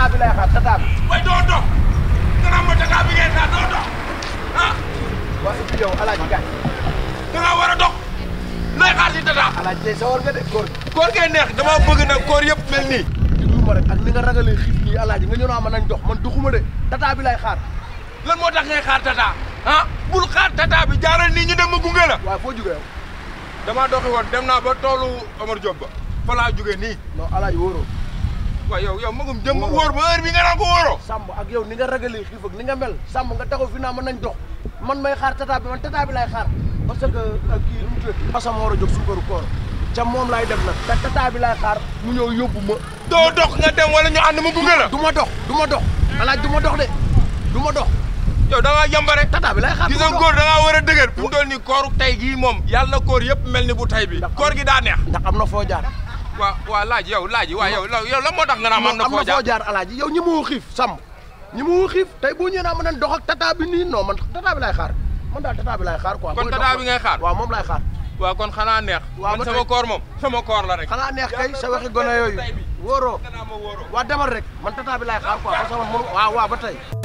état bi lay xaar état bi. waaye doo dox. kanam ba état bi ngay xaar doo dox ah. waa et yow alaaji gaay. da ngaa war lay xaar si état. alaaji tey sawar nga de koor gi. koor neex dama bëgg nag koor yëpp mel nii. duguma rek ak li nga ragalee xiif nii alaaji nga ñëw ma nañ dox man duxuma de état bi lay xaar. lan moo tax ngay bul bi jaaral ñu dem la. dem ba Omar fa non alaaji waaw yow yow magum jëm wóor ba heure bi nga naan ko wóoroo ak yow ni nga ragalee xiif ak nga mel sàmm nga taxaw fi naa mën nañ dox man may xaar tata bi man tata bi que kii lu mu tudd parce que euh, a jóg suukaru koor ca moom lay def bi lay xaar mu ñëw yóbbu ma doo dox nga dem wala ñu ànd mu gunge la du ma dox du ma dox alaaj du ma dox de du ma dox yow da ngaa tata bi lay xaar gis nga góor war a dëgër fu mu doon gii moom yàlla na koor yëpp mel ni bu tey bi koor gi daa neex ndax am na foo jaar waa waa laaj yow laaj waaye yow yow lan moo tax nga naan na foo jaar am na jaar alaaji yow ñi ma xiif sam ñi ma xiif tey boo ñëwee naa mën a dox ak tata bi man tata bi laay xaar man daal tata bi laay xaar quoi. kon bi ngay xaar waaw moom laay xaar. waaw kon xanaa neex. waaw man sama koor moom sama koor la rek. xanaa neex kay sa waxi gone yooyu wóoroo. waa demal rek man tata bi laay xaar quoi parce que man ba tey.